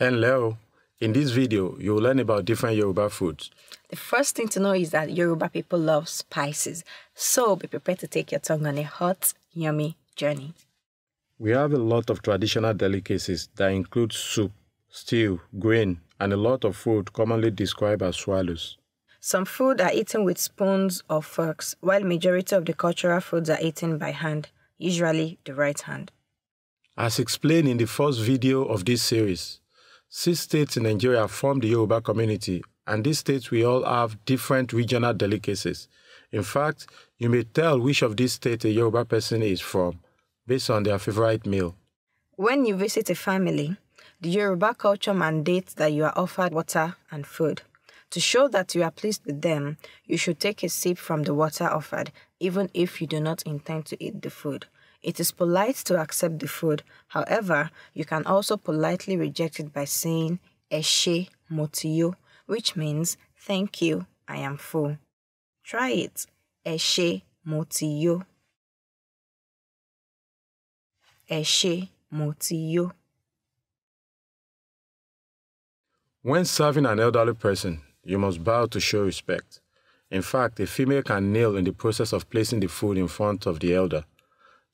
Hello. In this video, you will learn about different Yoruba foods. The first thing to know is that Yoruba people love spices, so be prepared to take your tongue on a hot, yummy journey. We have a lot of traditional delicacies that include soup, stew, grain, and a lot of food commonly described as swallows. Some food are eaten with spoons or forks, while majority of the cultural foods are eaten by hand, usually the right hand. As explained in the first video of this series, six states in Nigeria form the Yoruba community, and these states we all have different regional delicacies. In fact, you may tell which of these states a Yoruba person is from based on their favorite meal. When you visit a family, the Yoruba culture mandates that you are offered water and food. To show that you are pleased with them, you should take a sip from the water offered, even if you do not intend to eat the food. It is polite to accept the food. However, you can also politely reject it by saying Eshe motiyo, which means thank you, I am full. Try it. Eshe motiyo. Eshe motiyo. When serving an elderly person, you must bow to show respect. In fact, a female can kneel in the process of placing the food in front of the elder.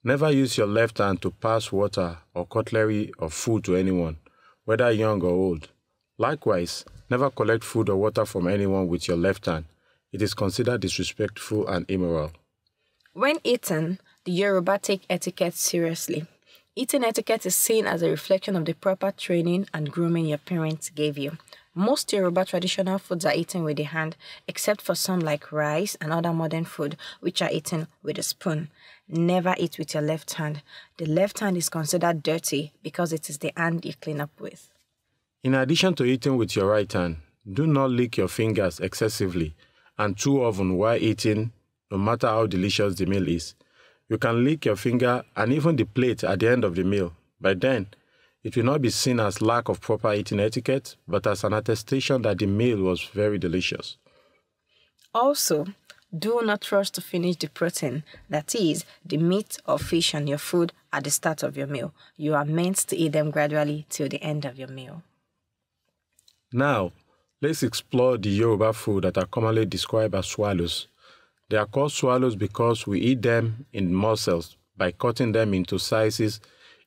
Never use your left hand to pass water or cutlery or food to anyone, whether young or old. Likewise, never collect food or water from anyone with your left hand. It is considered disrespectful and immoral. When eating, the Yoruba take etiquette seriously. Eating etiquette is seen as a reflection of the proper training and grooming your parents gave you. Most Yoruba traditional foods are eaten with the hand, except for some like rice and other modern food, which are eaten with a spoon. Never eat with your left hand. The left hand is considered dirty because it is the hand you clean up with. In addition to eating with your right hand, do not lick your fingers excessively and too often while eating, no matter how delicious the meal is. You can lick your finger and even the plate at the end of the meal. By then, it will not be seen as lack of proper eating etiquette, but as an attestation that the meal was very delicious. Also, do not rush to finish the protein, that is, the meat or fish on your food at the start of your meal. You are meant to eat them gradually till the end of your meal. Now, let's explore the Yoruba food that are commonly described as swallows. They are called swallows because we eat them in morsels by cutting them into sizes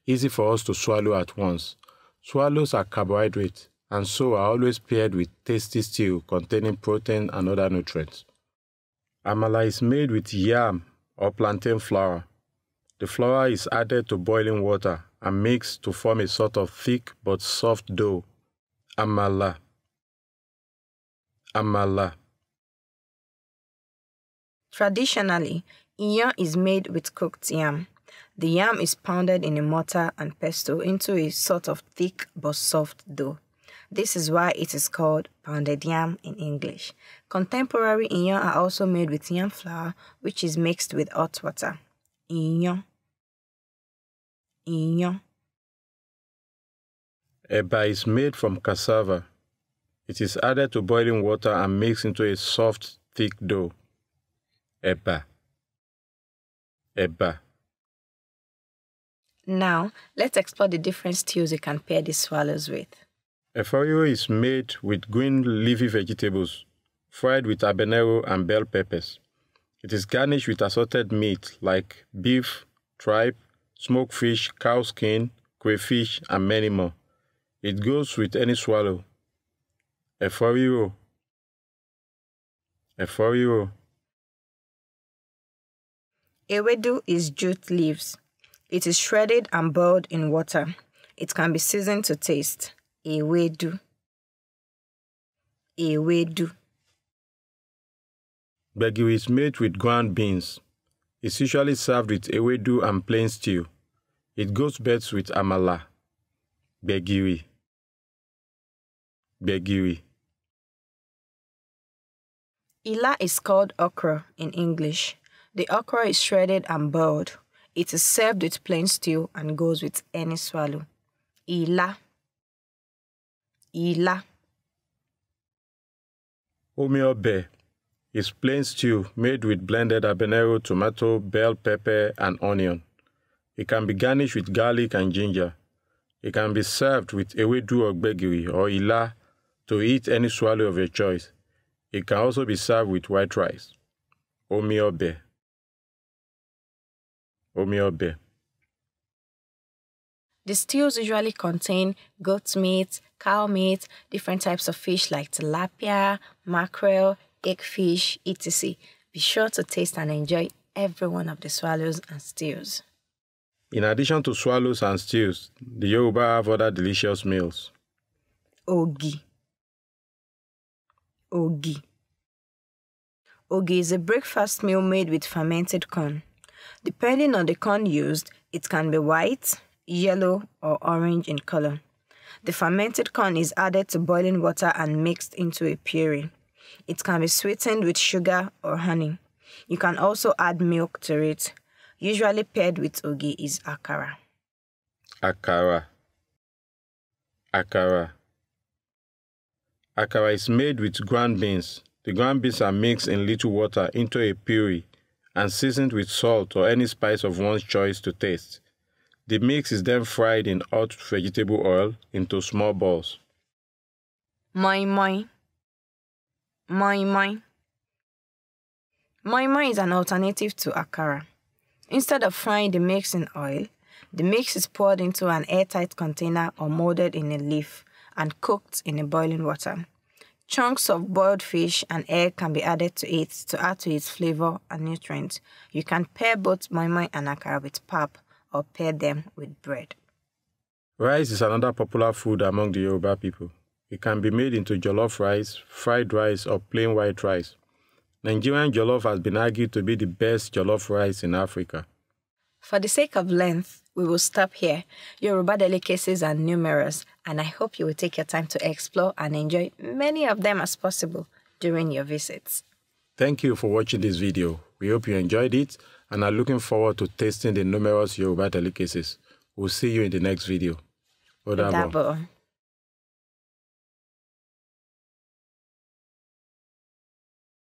easy for us to swallow at once. Swallows are carbohydrates and so are always paired with tasty stew containing protein and other nutrients. Amala is made with yam or plantain flour. The flour is added to boiling water and mixed to form a sort of thick but soft dough. Amala. Amala. Traditionally, yam is made with cooked yam. The yam is pounded in a mortar and pestle into a sort of thick but soft dough. This is why it is called pounded yam in English. Contemporary inyan are also made with yam flour, which is mixed with hot water. Inyan. Inyan. Eba is made from cassava. It is added to boiling water and mixed into a soft, thick dough. Eba. Eba. Now, let's explore the different stews you can pair these swallows with. Efoyo is made with green leafy vegetables, fried with habanero and bell peppers. It is garnished with assorted meat like beef, tripe, smoked fish, cow skin, crayfish, and many more. It goes with any swallow. Eforio. Eforio. Ewedu is jute leaves. It is shredded and boiled in water. It can be seasoned to taste. Ewedu. Ewedu. Gbegiri is made with ground beans. It's usually served with ewedu and plain stew. It goes best with amala. Gbegiri. Gbegiri. Ila is called okra in English. The okra is shredded and boiled. It is served with plain stew and goes with any swallow. Ila. Ila. Umiobe is plain stew made with blended habanero, tomato, bell pepper, and onion. It can be garnished with garlic and ginger. It can be served with ewedu or gbegiri or ila to eat any swallow of your choice. It can also be served with white rice. Omiobe. Omiobe. The stews usually contain goat meat, cow meat, different types of fish like tilapia, mackerel, eggfish, etc. Be sure to taste and enjoy every one of the swallows and stews. In addition to swallows and stews, the Yoruba have other delicious meals. Ogi. Ogi. Ogi is a breakfast meal made with fermented corn. Depending on the corn used, it can be white, yellow, or orange in color. The fermented corn is added to boiling water and mixed into a puree. It can be sweetened with sugar or honey. You can also add milk to it. Usually paired with ogi is akara. Akara. Akara. Akara is made with ground beans. The ground beans are mixed in little water into a puree and seasoned with salt or any spice of one's choice to taste. The mix is then fried in hot vegetable oil into small balls. Moi moi. Moi moi. Moi moi is an alternative to akara. Instead of frying the mix in oil, the mix is poured into an airtight container or molded in a leaf and cooked in a boiling water. Chunks of boiled fish and egg can be added to it to add to its flavor and nutrients. You can pair both moi moi and akara with pap or pair them with bread. Rice is another popular food among the Yoruba people. It can be made into jollof rice, fried rice, or plain white rice. Nigerian jollof has been argued to be the best jollof rice in Africa. For the sake of length, we will stop here. Yoruba delicacies are numerous, and I hope you will take your time to explore and enjoy many of them as possible during your visits. Thank you for watching this video. We hope you enjoyed it and are looking forward to tasting the numerous Yoruba delicacies. We'll see you in the next video. Odabo. Odabo.